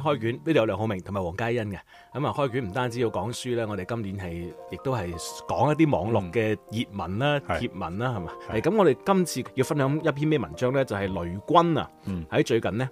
開卷呢度有梁浩明同埋黃嘉欣嘅，咁啊開卷唔單止要講書咧，我哋今年係亦都係講一啲網絡嘅熱文啦、貼、嗯、文啦，係嘛是，係咁吧我哋今次要分享一篇咩文章咧，就係、是、雷軍啊，喺、嗯、最近呢。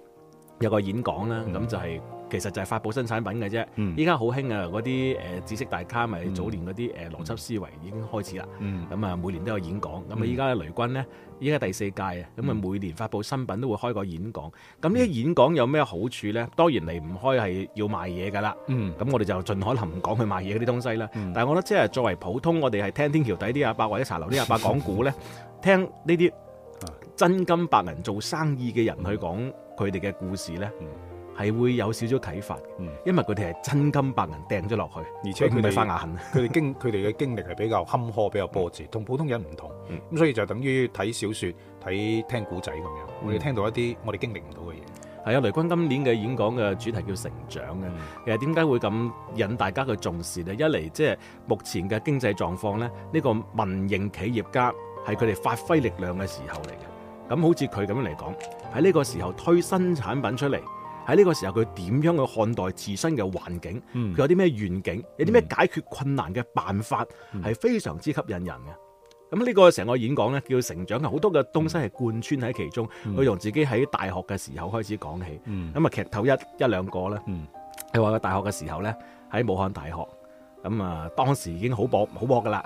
有個演講啦，咁就係、是嗯、其實就係發布新產品嘅啫。依家好興啊，嗰啲誒知識大咖，咪早年嗰啲誒邏輯思維已經開始啦。咁啊、嗯，嗯、每年都有演講。咁啊，依家雷軍咧，依家第四屆啊，咁啊，每年發布新品都會開個演講。咁呢啲演講有咩好處咧？當然離唔開係要賣嘢㗎啦。咁、嗯、我哋就盡可能唔講佢賣嘢嗰啲東西啦。嗯、但係我覺得，即係作為普通我哋係聽天橋底啲阿伯或者茶樓啲阿伯講股咧， 聽呢啲真金白銀做生意嘅人去講。佢哋嘅故事咧，係、嗯、會有少少啟發，嗯、因為佢哋係真金白銀掟咗落去，而且佢哋發牙痕，佢哋經佢哋嘅經歷係比較坎坷、嗯、比較波折，同普通人唔同，咁、嗯、所以就等於睇小説、睇聽古仔咁樣，我哋、嗯、聽到一啲我哋經歷唔到嘅嘢。係啊、嗯，雷軍今年嘅演講嘅主題叫成長嘅，嗯、其實點解會咁引大家嘅重視咧？一嚟即係目前嘅經濟狀況咧，呢、呢個民營企業家係佢哋發揮力量嘅時候嚟嘅。咁好似佢咁樣嚟講，喺呢個時候推新產品出嚟，喺呢個時候佢點樣去看待自身嘅環境？佢、嗯、有啲咩願景？嗯、有啲咩解決困難嘅辦法係、嗯、非常之吸引人嘅。咁呢個成個演講咧叫成長，好多嘅東西係貫穿喺其中。佢從、嗯、自己喺大學嘅時候開始講起，咁啊、嗯、劇透一一兩個咧，佢話佢大學嘅時候咧喺武漢大學，咁啊當時已經好搏好搏噶啦，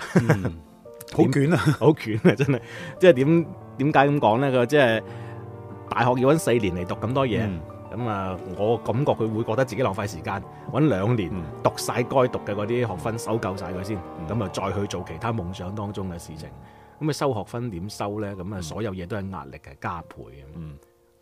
好捲啊，好捲啊，真係即係點？點解咁講呢？佢即係大學要搵四年嚟讀咁多嘢，咁啊、嗯，我感覺佢會覺得自己浪費時間，搵兩年讀晒該讀嘅嗰啲學分，嗯、收夠晒佢先，咁啊、嗯，再去做其他夢想當中嘅事情。咁啊、嗯，收學分點收呢？咁啊，所有嘢都係壓力嘅、嗯、加倍嘅。嗯，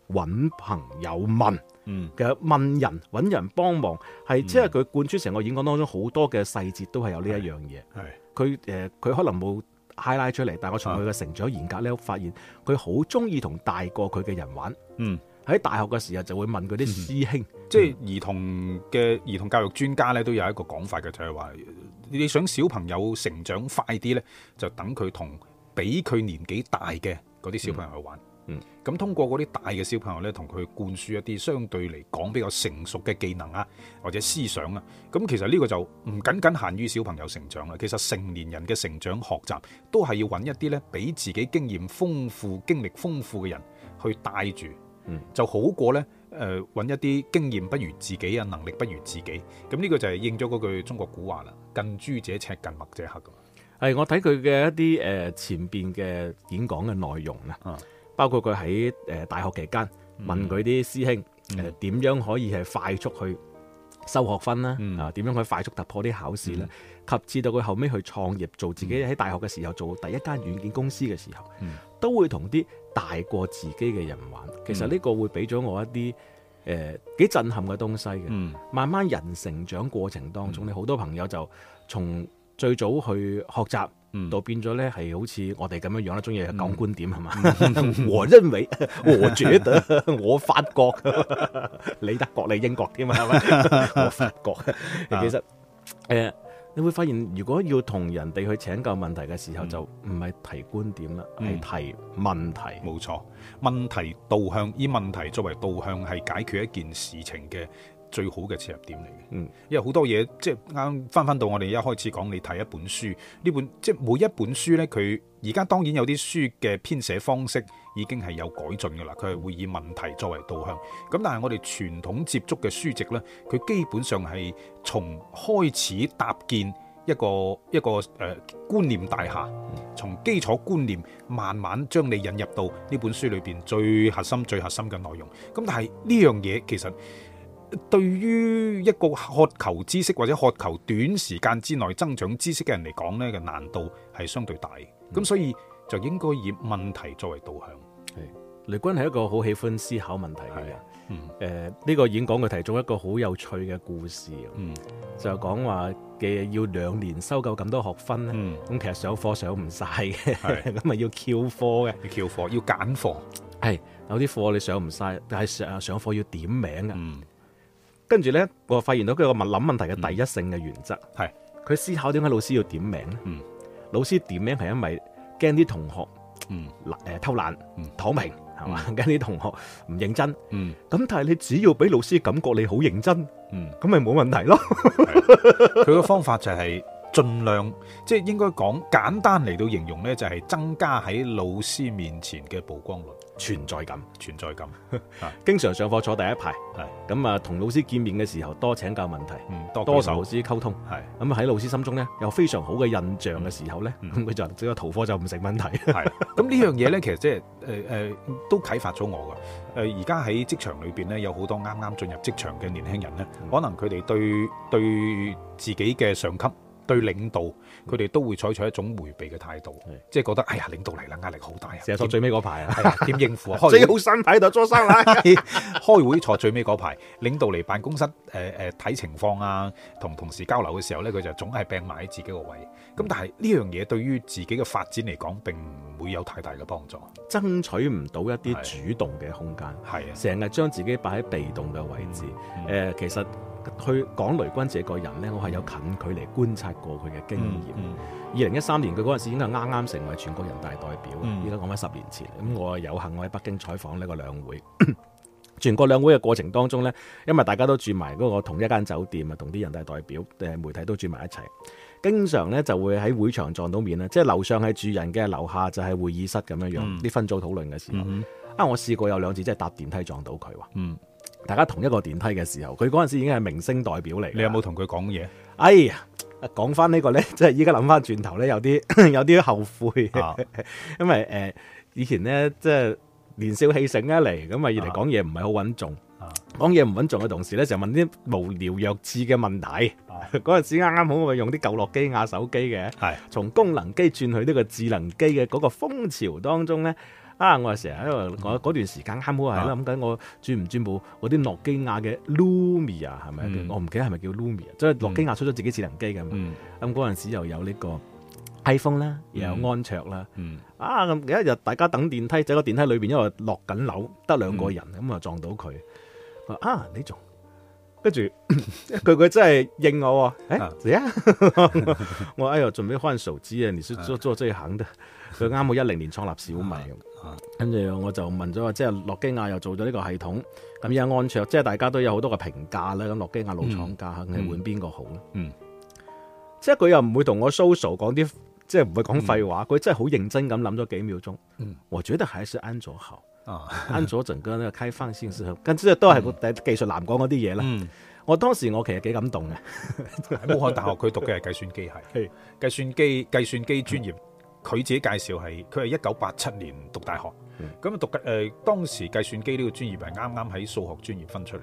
搵朋友問，嗯、其實問人搵人幫忙，係、嗯、即係佢貫穿成個演講當中好多嘅細節都是有這，都係有呢一樣嘢。係佢誒，佢、呃、可能冇。拉拉出嚟，但我從佢嘅成長嚴格咧，發現佢好中意同大過佢嘅人玩。嗯，喺大學嘅時候就會問佢啲師兄，嗯、即係兒童嘅、嗯、兒童教育專家咧，都有一個講法嘅，就係、是、話你想小朋友成長快啲咧，就等佢同比佢年紀大嘅嗰啲小朋友去玩。嗯。咁、嗯、通過嗰啲大嘅小朋友咧，同佢灌輸一啲相對嚟講比較成熟嘅技能啊，或者思想啊。咁其實呢個就唔僅僅限於小朋友成長啦。其實成年人嘅成長學習都係要揾一啲咧，比自己經驗豐富、經歷豐富嘅人去帶住，嗯、就好過呢，誒、呃、揾一啲經驗不如自己啊，能力不如自己。咁呢個就係應咗嗰句中國古話啦：近朱者赤，近墨者黑。咁係我睇佢嘅一啲誒、呃、前邊嘅演講嘅內容啦。嗯包括佢喺大學期間問佢啲師兄誒點、嗯呃、樣可以快速去收學分咧、嗯、啊？點樣可以快速突破啲考試咧？嗯、及至到佢後尾去創業，做自己喺大學嘅時候做第一間軟件公司嘅時候，嗯、都會同啲大過自己嘅人玩。其實呢個會俾咗我一啲誒幾震撼嘅東西嘅。慢慢人成長過程當中，你好、嗯、多朋友就從最早去學習。就變咗咧，係好似我哋咁樣樣啦，中意講觀點係嘛？我認為我覺得，我發覺你德國、你英國添嘛，係咪？我發覺其實誒，你會發現，如果要同人哋去請教問題嘅時候，就唔係提觀點啦，係提問題。冇錯，問題導向，以問題作為導向係解決一件事情嘅。最好嘅切入點嚟嘅，因為好多嘢即係啱翻翻到我哋一開始講，你睇一本書呢本即係每一本書呢，佢而家當然有啲書嘅編寫方式已經係有改進嘅啦。佢係會以問題作為導向，咁但係我哋傳統接觸嘅書籍呢，佢基本上係從開始搭建一個一個誒、呃、觀念大廈，嗯、從基礎觀念慢慢將你引入到呢本書裏邊最核心、最核心嘅內容。咁但係呢樣嘢其實，對於一個渴求知識或者渴求短時間之內增長知識嘅人嚟講呢個難度係相對大，咁、嗯、所以就應該以問題作為導向。雷軍係一個好喜歡思考問題嘅人，嗯，誒呢、呃這個演講佢提咗一個好有趣嘅故事，嗯，就講話嘅要兩年收夠咁多學分咧，咁、嗯、其實上課上唔晒嘅，咁啊是 要翹課嘅，要翹課要揀課，係、哎、有啲課你上唔晒，但係上上課要點名嘅，嗯跟住咧，我發現到佢個物諗問題嘅第一性嘅原則係佢、嗯、思考點解老師要點名咧？嗯、老師點名係因為驚啲同學，難誒、嗯、偷懶、躺平係嘛？驚啲、嗯、同學唔認真。咁、嗯、但係你只要俾老師感覺你好認真，咁咪冇問題咯對。佢個 方法就係盡量，即、就、係、是、應該講簡單嚟到形容咧，就係增加喺老師面前嘅曝光率。存在感，存在感，是 經常上課坐第一排，咁啊同老師見面嘅時候，多請教問題，嗯、多同老師溝通，係咁喺老師心中咧有非常好嘅印象嘅時候咧，咁佢、嗯嗯、 就只有逃課就唔成問題。係咁是 呢樣嘢咧，其實即係誒誒都啟發咗我㗎。誒而家喺職場裏邊咧，有好多啱啱進入職場嘅年輕人咧，嗯、可能佢哋對對自己嘅上級。對領導，佢哋都會採取一種迴避嘅態度，的即係覺得哎呀，領導嚟啦，壓力好大啊！成日坐最尾嗰排啊，點、哎、呀應付啊？ 開會最好新派就坐新派，開會坐最尾嗰排。領導嚟辦公室，誒誒睇情況啊，同同事交流嘅時候呢，佢就總係病埋喺自己個位。咁的但係呢樣嘢對於自己嘅發展嚟講並唔會有太大嘅幫助，爭取唔到一啲主動嘅空間，係啊的，成日將自己擺喺被動嘅位置。誒、嗯呃，其實。去講雷軍這個人呢，我係有近距離觀察過佢嘅經驗。二零一三年佢嗰陣時應該係啱啱成為全國人大代表，依家，講返十年前，咁我有幸我喺北京採訪呢個兩會， 全國兩會嘅過程當中呢，因為大家都住埋嗰個同一間酒店啊，同啲人大代表媒體都住埋一齊，經常呢就會喺會場撞到面啦，即係樓上係住人嘅，樓下就係會議室咁樣樣。啲、嗯、分組討論嘅時候，嗯嗯啊，我試過有兩次即係搭電梯撞到佢喎。嗯大家同一個電梯嘅時候，佢嗰陣時已經係明星代表嚟。你有冇同佢講嘢？哎呀，講翻呢個咧，即係依家諗翻轉頭咧，有啲 有啲後悔，啊、因為誒、呃、以前咧，即係年少氣盛一嚟，咁啊二嚟講嘢唔係好穩重，講嘢唔穩重嘅同時咧，成日問啲無聊弱智嘅問題。嗰陣、啊、時啱啱好我用啲舊諾基亞手機嘅，係的從功能機轉去呢個智能機嘅嗰個風潮當中咧。啊！我係成日因為嗰段時間啱好係啦，諗緊我轉唔轉部嗰啲諾基亞嘅 Lumia 啊，係咪？我唔記得係咪叫 Lumia 啊，即係諾基亞出咗自己智能機咁。咁嗰陣時又有呢個 iPhone 啦，又有安卓啦。啊咁，有一日大家等電梯，喺個電梯裏邊因為落緊樓，得兩個人咁啊撞到佢。啊，你仲跟住佢佢真係應我喎？誒，我哎呀，準備換手機啊！你是做做這行，佢啱好一零年創立小米。跟住我就問咗話，即係諾基亞又做咗呢個系統，咁而家安卓，即係大家都有好多個評價啦。咁諾基亞老廠家，肯定換邊個好咧？嗯，即係佢又唔會同我 social 講啲，即係唔會講廢話。佢真係好認真咁諗咗幾秒鐘。我覺得還是安卓好。安卓整個呢個開放先好，跟住都係個技術男講嗰啲嘢啦。我當時我其實幾感動嘅。武漢大學佢讀嘅係計算機系，係計算機計算機專業。佢自己介紹係，佢係一九八七年讀大學，咁啊讀計誒當時計算機呢個專業係啱啱喺數學專業分出嚟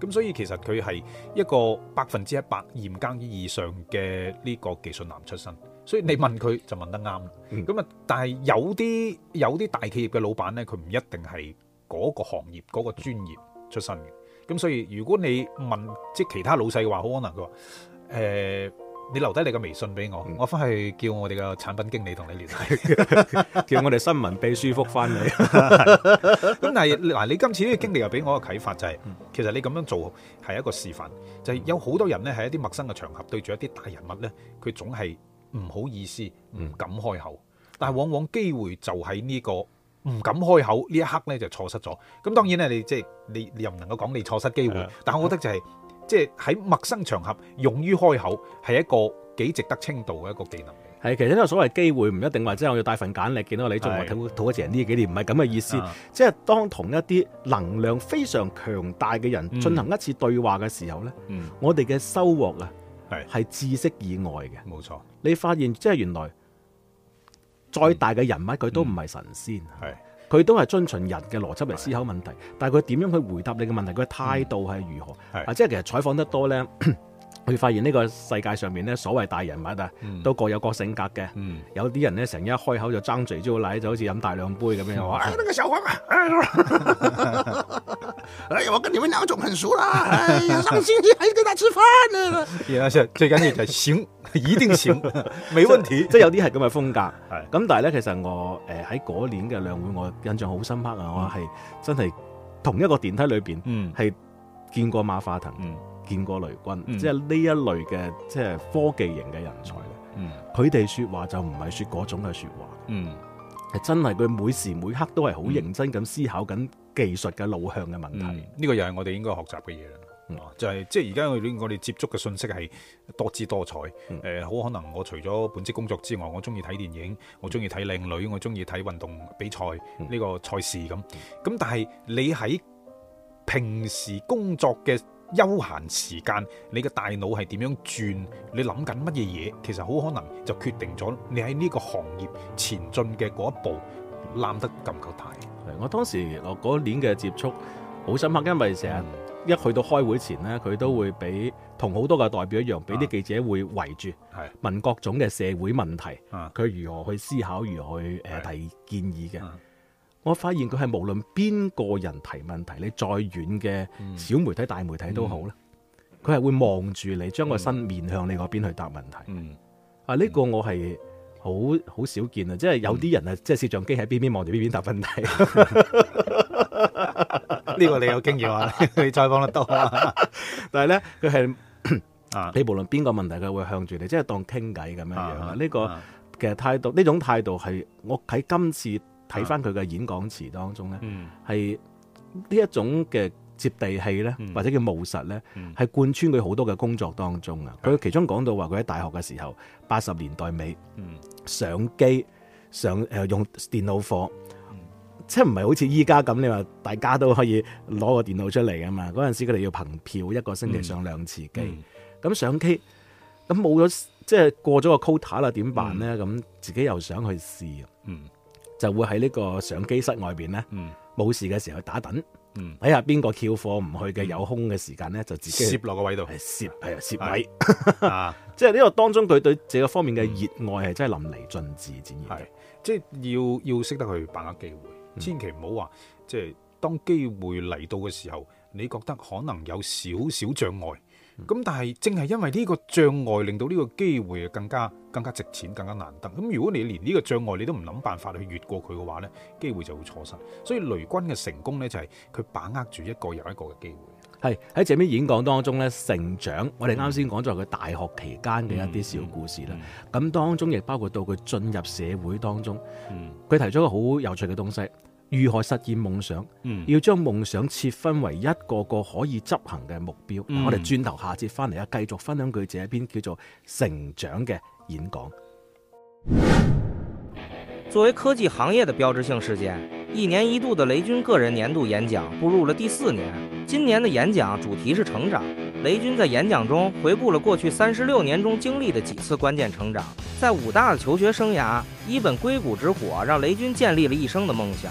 嘅，咁所以其實佢係一個百分之一百嚴格意義以上嘅呢個技術男出身，所以你問佢就問得啱啦。咁啊，但係有啲有啲大企業嘅老闆呢，佢唔一定係嗰個行業嗰個專業出身嘅，咁所以如果你問即係其他老細話，好可能佢話誒。你留低你個微信俾我，我翻去叫我哋個產品經理同你聯繫， 叫我哋新聞秘書覆翻你。咁但係嗱，你今次呢個經歷又俾我個啟發就係、是，其實你咁樣做係一個示範，就係、是、有好多人咧係一啲陌生嘅場合對住一啲大人物咧，佢總係唔好意思唔敢開口，但係往往機會就喺呢個唔敢開口呢一刻咧就錯失咗。咁當然咧，你即係你你又唔能夠講你錯失機會，的但我覺得就係、是。是。即係喺陌生場合勇於開口，係一個幾值得稱道嘅一個技能係，其實呢個所謂機會唔一定話，即係我要帶份簡歷見到你，仲我討討一程呢幾年，唔係咁嘅意思。嗯、即係當同一啲能量非常強大嘅人進行一次對話嘅時候咧，嗯、我哋嘅收穫啊，係知識以外嘅。冇錯錯，你發現即係原來再大嘅人物佢、嗯、都唔係神仙。係。佢都係遵循人嘅邏輯嚟思考問題，的但係佢點樣去回答你嘅問題？佢嘅、嗯、態度係如何？的啊，即係其實採訪得多呢？ 佢發現呢個世界上面咧，所謂大人物啊，都各有各個性格嘅。嗯、有啲人咧，成日一開口就爭嘴，招禮，就好似飲大兩杯咁樣話。啊、哎說哎，那個小黃，哎呀， 哎呀，我跟你們兩總很熟啦、啊，哎呀，上星期還跟他吃飯呢、啊。最緊要就係閃，一定要閃，冇 問題。即係、就是、有啲係咁嘅風格。咁的但係咧，其實我誒喺嗰年嘅兩會，我印象好深刻啊。嗯、我係真係同一個電梯裏邊、嗯，係見過馬化騰。嗯見過雷軍、嗯，即係呢一類嘅，即係科技型嘅人才咧。佢哋、嗯、說話就唔係說嗰種嘅說話，係、嗯、真係佢每時每刻都係好認真咁思考緊技術嘅路向嘅問題。呢、嗯，這個又係我哋應該學習嘅嘢啦。嗯、就係、是、即係而家我哋我哋接觸嘅信息係多姿多彩。誒、嗯，好、呃、可能我除咗本職工作之外，我中意睇電影，我中意睇靚女，我中意睇運動比賽呢、嗯、個賽事咁。咁但係你喺平時工作嘅。休閒時間，你嘅大腦係點樣轉？你諗緊乜嘢嘢？其實好可能就決定咗你喺呢個行業前進嘅嗰一步攬得咁夠大。我當時落嗰年嘅接觸好深刻，因為成日一去到開會前呢，佢都會俾同好多嘅代表一樣，俾啲記者會圍住問各種嘅社會問題，佢如何去思考，如何去誒提建議嘅。我發現佢係無論邊個人提問題，你再遠嘅小媒體、大媒體都好咧，佢係會望住你，將個身面向你嗰邊去答問題。啊，呢個我係好好少見啊！即係有啲人啊，即係攝像機喺邊邊望住邊邊答問題。呢個你有經驗啊，你採訪得多啊。但係咧，佢係你無論邊個問題，佢會向住你，即係當傾偈咁樣樣。呢個其實態度，呢種態度係我喺今次。睇翻佢嘅演講詞當中咧，係呢、嗯、一種嘅接地氣咧，嗯、或者叫務實咧，係、嗯、貫穿佢好多嘅工作當中啊。佢其中講到話，佢喺大學嘅時候，八十年代尾、嗯、上機上誒、呃、用電腦課，嗯、即係唔係好似依家咁？你話大家都可以攞個電腦出嚟啊嘛。嗰陣時佢哋要憑票一個星期上兩次機，咁、嗯嗯、上機咁冇咗，即係過咗個 quota 啦，點辦咧？咁、嗯、自己又想去試啊。嗯就會喺呢個相機室外邊咧，冇事嘅時候去打盹，睇下邊個翹課唔去嘅有空嘅時間咧，就自己攝落個位度，係攝係啊攝位，即係呢個當中佢對這個方面嘅熱愛係真係淋漓盡致展現，即係要要識得去把握機會，千祈唔好話即係當機會嚟到嘅時候，你覺得可能有少少障礙。咁、嗯、但係正係因為呢個障礙，令到呢個機會更加更加值錢，更加難得。咁如果你連呢個障礙你都唔諗辦法去越過佢嘅話呢，機會就會錯失。所以雷軍嘅成功呢，就係、是、佢把握住一個又一個嘅機會。係喺這邊演講當中呢，「成長」，我哋啱先講咗佢大學期間嘅一啲小故事啦。咁、嗯嗯嗯、當中亦包括到佢進入社會當中，佢提出了一個好有趣嘅東西。如何實現夢想？要將夢想切分為一個個可以執行嘅目標。嗯、我哋轉頭下節翻嚟啊，繼續分享佢這篇叫做《成長》嘅演講。作為科技行業的標誌性事件，一年一度的雷軍個人年度演講步入了第四年。今年的演講主題是成長。雷軍在演講中回顧了過去三十六年中經歷的幾次關鍵成長。在武大的求學生涯，一本硅谷之火讓雷軍建立了一生的夢想，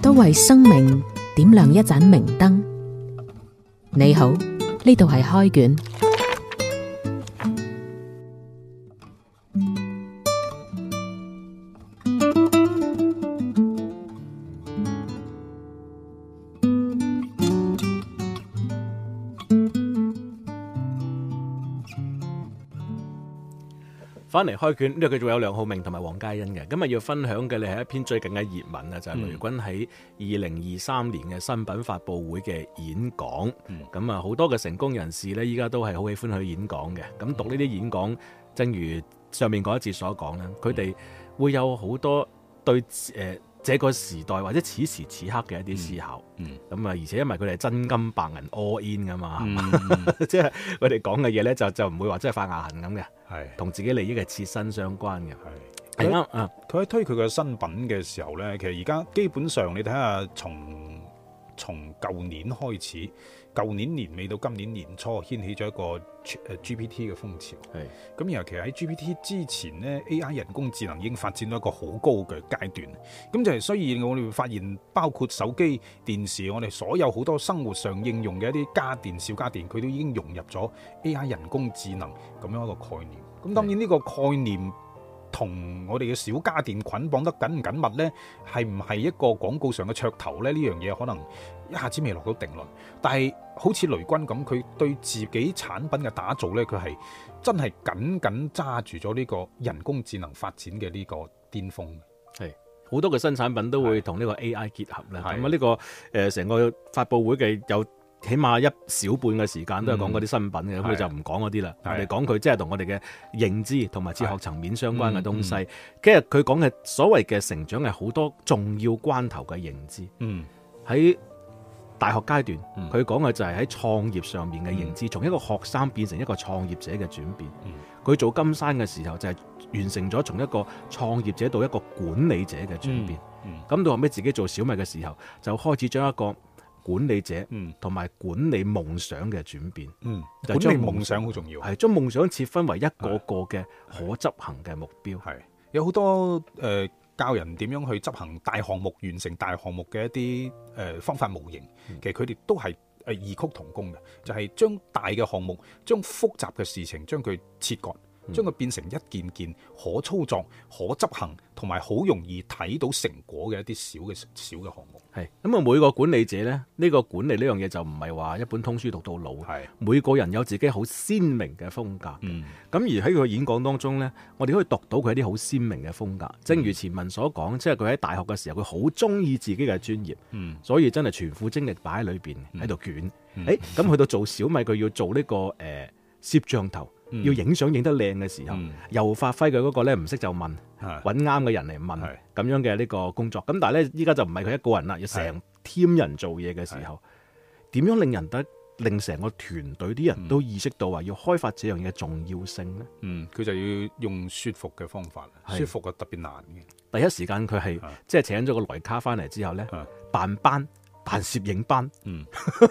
都為生命點亮一盞明燈。你好，呢度係開卷。翻嚟開卷，呢個佢仲有梁浩明同埋黃嘉欣嘅，今日要分享嘅你係一篇最近嘅熱文啊，就係、是、雷軍喺二零二三年嘅新品發布會嘅演講。咁啊、嗯，好多嘅成功人士咧，依家都係好喜歡去演講嘅。咁讀呢啲演講，正如上面嗰一節所講咧，佢哋會有好多對誒，呃這個時代或者此時此刻嘅一啲思考，咁啊、嗯，嗯、而且因為佢哋係真金白銀 all in 噶嘛，即係佢哋講嘅嘢咧，就就唔會話即係發牙痕咁嘅，係同是自己利益係切身相關嘅，係係啱啊！佢喺 Yeah、uh, 推佢個新品嘅時候咧，其實而家基本上你睇下，從從舊年開始。舊年年尾到今年年初掀起咗一個 GPT 嘅風潮，咁尤是其喺 GPT 之前呢 AI 人工智能已經發展到一個好高嘅階段。咁就係雖然我哋會發現，包括手機、電視，我哋所有好多生活上應用嘅一啲家電、小家電，佢都已經融入咗 AI 人工智能咁樣一個概念。咁當然呢個概念同我哋嘅小家電捆綁得緊唔緊密呢？係唔係一個廣告上嘅噱頭呢？呢樣嘢可能。一下子未落到定論，但係好似雷軍咁，佢對自己產品嘅打造咧，佢係真係緊緊揸住咗呢個人工智能發展嘅呢個巔峰，係好多嘅新產品都會同呢個 AI 結合啦。咁啊是，呢、這個誒成、呃、個發布會嘅有起碼一小半嘅時間都係講嗰啲新品嘅，咁佢、嗯、就唔講嗰啲啦，是我哋講佢即係同我哋嘅認知同埋哲學層面相關嘅東西。是嗯嗯、其實佢講嘅所謂嘅成長係好多重要關頭嘅認知。嗯，喺大學階段，佢講嘅就係喺創業上面嘅認知，從、嗯、一個學生變成一個創業者嘅轉變。佢、嗯、做金山嘅時候就係完成咗從一個創業者到一個管理者嘅轉變。咁、嗯嗯、到後尾，自己做小米嘅時候，就開始將一個管理者同埋管理夢想嘅轉變。嗯，夢管理夢想好重要，係將夢想切分為一個個嘅可執行嘅目標。係有好多誒。呃教人點樣去執行大項目、完成大項目嘅一啲、呃、方法模型，其實佢哋都係誒異曲同工嘅，就係、是、將大嘅項目、將複雜嘅事情，將佢切割。嗯、將佢變成一件件可操作、可執行同埋好容易睇到成果嘅一啲小嘅小嘅項目。係咁啊，每個管理者呢，呢、呢個管理呢樣嘢就唔係話一本通書讀到老。係是每個人有自己好鮮明嘅風格。咁、嗯、而喺佢演講當中呢，我哋可以讀到佢一啲好鮮明嘅風格。正如前文所講，嗯、即係佢喺大學嘅時候，佢好中意自己嘅專業。嗯，所以真係全副精力擺喺裏面，喺度卷。誒，咁去到做小米，佢要做呢、呢個、呃攝像頭要影相影得靚嘅時候，又發揮佢嗰個咧唔識就問，揾啱嘅人嚟問咁樣嘅呢個工作。咁但係咧，依家就唔係佢一個人啦，要成 team 人做嘢嘅時候，點樣令人得令成個團隊啲人都意識到話要開發這樣嘢重要性咧？嗯，佢就要用説服嘅方法，説服啊，特別難嘅。第一時間佢係即係請咗個萊卡翻嚟之後咧，辦班。辦攝影班，嗯，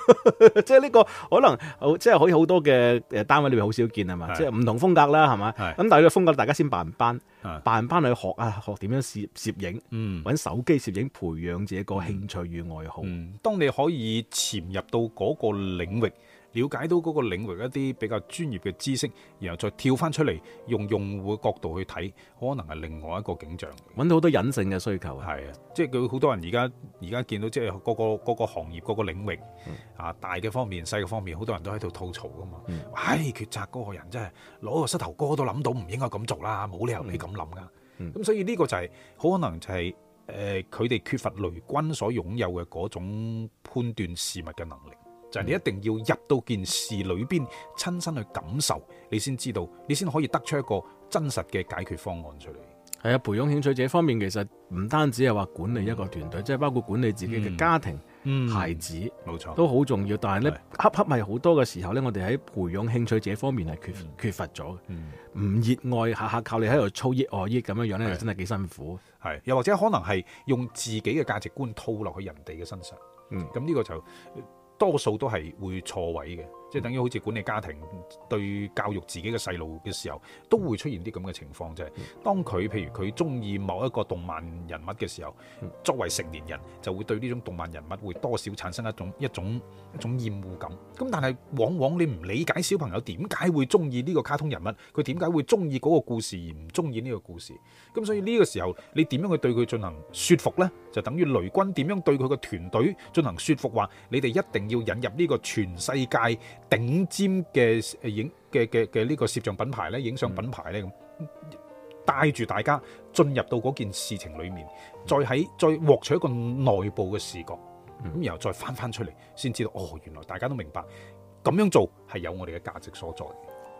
即係呢個可能好，即係可以好多嘅誒單位裏邊好少見係嘛，是的即係唔同風格啦，係嘛，咁的但係個風格大家先辦班，的辦班去學啊，學點樣攝攝影，嗯，搵手機攝影培養自己個興趣與愛好。當你可以潛入到嗰個領域。了解到嗰個領域一啲比較專業嘅知識，然後再跳翻出嚟用用戶嘅角度去睇，可能係另外一個景象，搵到好多隱性嘅需求啊，係啊，即係佢好多人而家而家見到，即係嗰個嗰個行業嗰個領域，嗯、啊，大嘅方面，細嘅方面，好多人都喺度吐槽㗎嘛。唉、嗯、哎，決策嗰個人真係攞個膝頭哥都諗到唔應該咁做啦，冇理由你咁諗㗎。咁、嗯、所以呢個就係，好，可能就係誒佢哋缺乏雷軍所擁有嘅嗰種判斷事物嘅能力。就係你一定要入到件事裏邊，親身去感受，你先知道，你先可以得出一個真實嘅解決方案出嚟。係啊，培養興趣這方面其實唔單止係話管理一個團隊，即係包括管理自己嘅家庭、孩子，冇錯，都好重要。但係呢，恰恰係好多嘅時候呢，我哋喺培養興趣這方面係缺缺乏咗嘅。唔熱愛下下靠你喺度操熱愛熱咁樣樣呢，真係幾辛苦。係，又或者可能係用自己嘅價值觀套落去人哋嘅身上。嗯，咁呢個就。多數都係會錯位嘅。即係等於好似管理家庭對教育自己嘅細路嘅時候，都會出現啲咁嘅情況，就係當佢譬如佢中意某一個動漫人物嘅時候，作為成年人就會對呢種動漫人物會多少產生一種一種一種厭惡感。咁但係往往你唔理解小朋友點解會中意呢個卡通人物，佢點解會中意嗰個故事而唔中意呢個故事。咁所以呢個時候你點樣去對佢進行説服呢？就等於雷軍點樣對佢嘅團隊進行説服，話你哋一定要引入呢個全世界。頂尖嘅影嘅嘅嘅呢個攝像品牌咧，影相品牌咧咁，帶住大家進入到嗰件事情裡面，再喺再獲取一個內部嘅視覺，咁然後再翻翻出嚟，先知道哦，原來大家都明白咁樣做係有我哋嘅價值所在。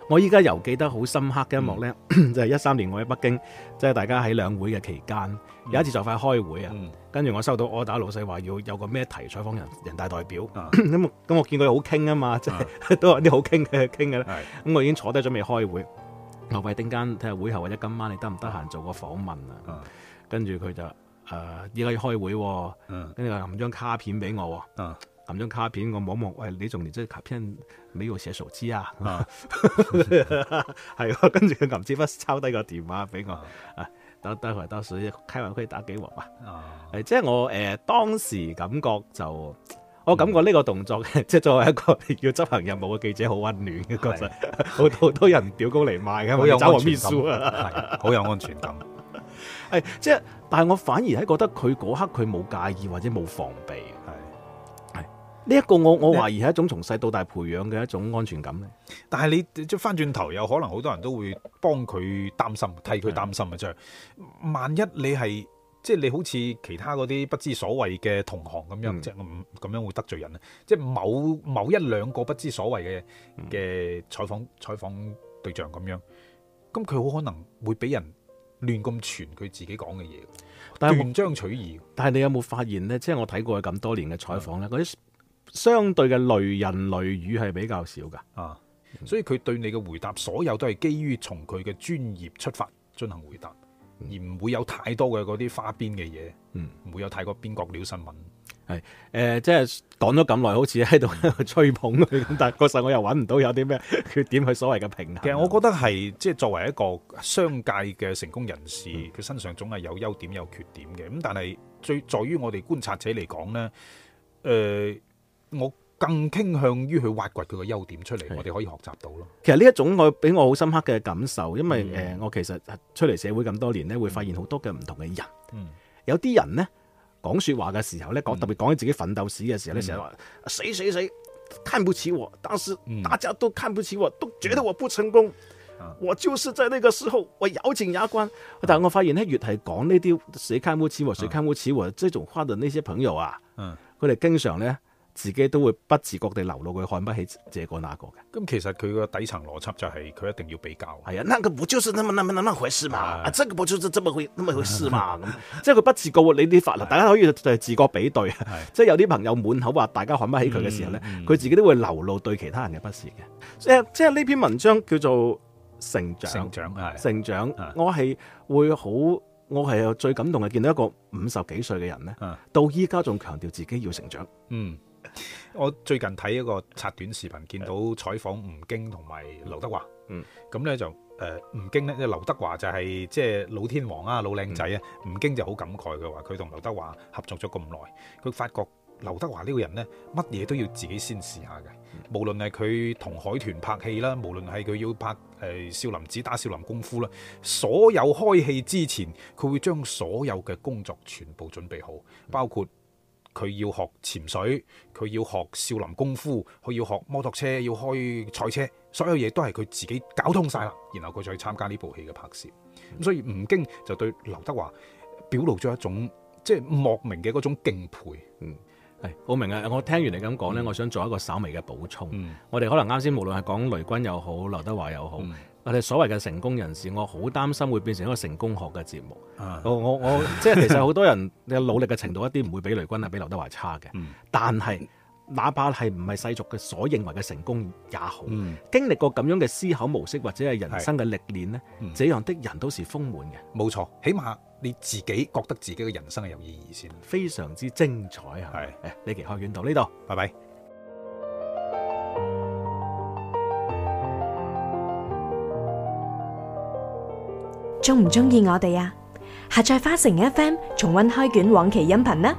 我依家猶記得好深刻嘅一幕咧，就係一三年我喺北京，即、就、係、是、大家喺兩會嘅期間，嗯、有一次就快開會啊，跟住、嗯、我收到柯打老細話要有個咩題採訪人人大代表，咁咁、啊嗯、我見佢好傾啊嘛，即係、啊、都有啲好傾嘅傾嘅咧，咁是、嗯、我已經坐低準備開會，後備丁間睇下看看會後或者今晚你得唔得閒做個訪問啊，跟住佢就誒依家要開會，跟住就攬張卡片俾我喎。啊攵張卡片，我望望，喂，你仲你這卡片沒有寫手機啊？係、啊 啊，跟住佢攰紙忽抄低個電話俾我，啊，得得台得水，開玩笑可以打幾鑊啊？即係我誒、呃、當時感覺就，我感覺呢個動作，嗯、即係作為一個要執行任務嘅記者，好温暖嘅，確實是，好好多人表高嚟賣嘅，好有安全感，係，好、啊、有安全感。啊、即係，但係我反而係覺得佢嗰刻佢冇介意或者冇防備。呢一個我我懷疑係一種從細到大培養嘅一種安全感。但係你即翻轉頭，有可能好多人都會幫佢擔心，替佢擔心啊！即係 Okay. 萬一你係即係你好似其他嗰啲不知所謂嘅同行咁樣，嗯、即係咁樣會得罪人啊！即係某某一兩個不知所謂嘅嘅採訪、嗯、採訪對象咁樣，咁佢好可能會俾人亂咁傳佢自己講嘅嘢，但係斷章取義。但係你有冇發現呢？即係我睇過咁多年嘅採訪呢。啲、嗯。相對嘅雷人雷語係比較少㗎，啊，所以佢對你嘅回答，所有都係基於從佢嘅專業出發進行回答，嗯、而唔會有太多嘅嗰啲花邊嘅嘢，嗯，唔會有太多邊角料新聞，係、嗯，誒、呃，即係講咗咁耐，好似喺度吹捧佢， 但係嗰陣我又揾唔到有啲咩缺點，去所謂嘅平衡，其實我覺得係即係作為一個商界嘅成功人士，佢、嗯、身上總係有優點有缺點嘅，咁但係最在於我哋觀察者嚟講咧，誒、呃。我更傾向於去挖掘佢個優點出嚟，我哋可以學習到咯。其實呢一種我俾我好深刻嘅感受，因為誒、嗯呃、我其實出嚟社會咁多年咧，嗯、會發現好多嘅唔同嘅人。嗯、有啲人呢講説話嘅時候咧，講特別講起自己奮鬥史嘅時候咧，成日話死死死，看不起我，當時大家都看不起我，都覺得我不成功。嗯、我就是在那個時候，我咬緊牙關。嗯、但我發現咧，越係講呢啲誰看不起我，誰看不起我這種話的呢些朋友啊，佢哋、嗯、經常咧。自己都會不自覺地流露佢看不起這個那個嘅。咁其實佢個底層邏輯就係佢一定要比較。係啊，那個不就是那麼那麼那麼回事嘛？啊，這個不就就這麼回那麼回事嘛？咁即係佢不自覺，你啲法律大家可以就係自覺比對。即係有啲朋友滿口話，大家看不起佢嘅時候呢，佢自己都會流露對其他人嘅不屑嘅。即係呢篇文章叫做成長，成長，成長。我係會好，我係最感動嘅，見到一個五十幾歲嘅人呢，到依家仲強調自己要成長。嗯。我最近睇一個刷短視頻，見到採訪吳京同埋劉德華。嗯，咁咧就誒、呃，吳京咧，即係劉德華就係即係老天王啊，老靚仔啊。嗯，吳京就好感慨嘅話，佢同劉德華合作咗咁耐，佢發覺劉德華呢個人呢，乜嘢都要自己先試下嘅。無論係佢同海豚拍戲啦，無論係佢要拍誒、呃、少林寺打少林功夫啦，所有開戲之前，佢會將所有嘅工作全部準備好，包括。佢要學潛水，佢要學少林功夫，佢要學摩托車，要開賽車，所有嘢都係佢自己搞通晒啦。然後佢再參加呢部戲嘅拍攝，咁、嗯、所以吳京就對劉德華表露咗一種即係、就是、莫名嘅嗰種敬佩，嗯。係，哎、明嘅、啊。我聽完你咁講呢，嗯、我想做一個稍微嘅補充。嗯、我哋可能啱先無論係講雷軍又好，劉德華又好，嗯、我哋所謂嘅成功人士，我好擔心會變成一個成功學嘅節目。我我、啊、我，即係 其實好多人你努力嘅程度一啲唔會比雷軍係比劉德華差嘅。但係。哪怕係唔係世俗嘅所認為嘅成功也好，經歷過咁樣嘅思考模式或者係人生嘅歷練咧，這樣的人都是豐滿嘅，冇錯。起碼你自己覺得自己嘅人生係有意義先，非常之精彩啊！係，呢期開卷到呢度，拜拜。中唔中意我哋啊？下載花城 FM 重溫開卷往期音頻啦！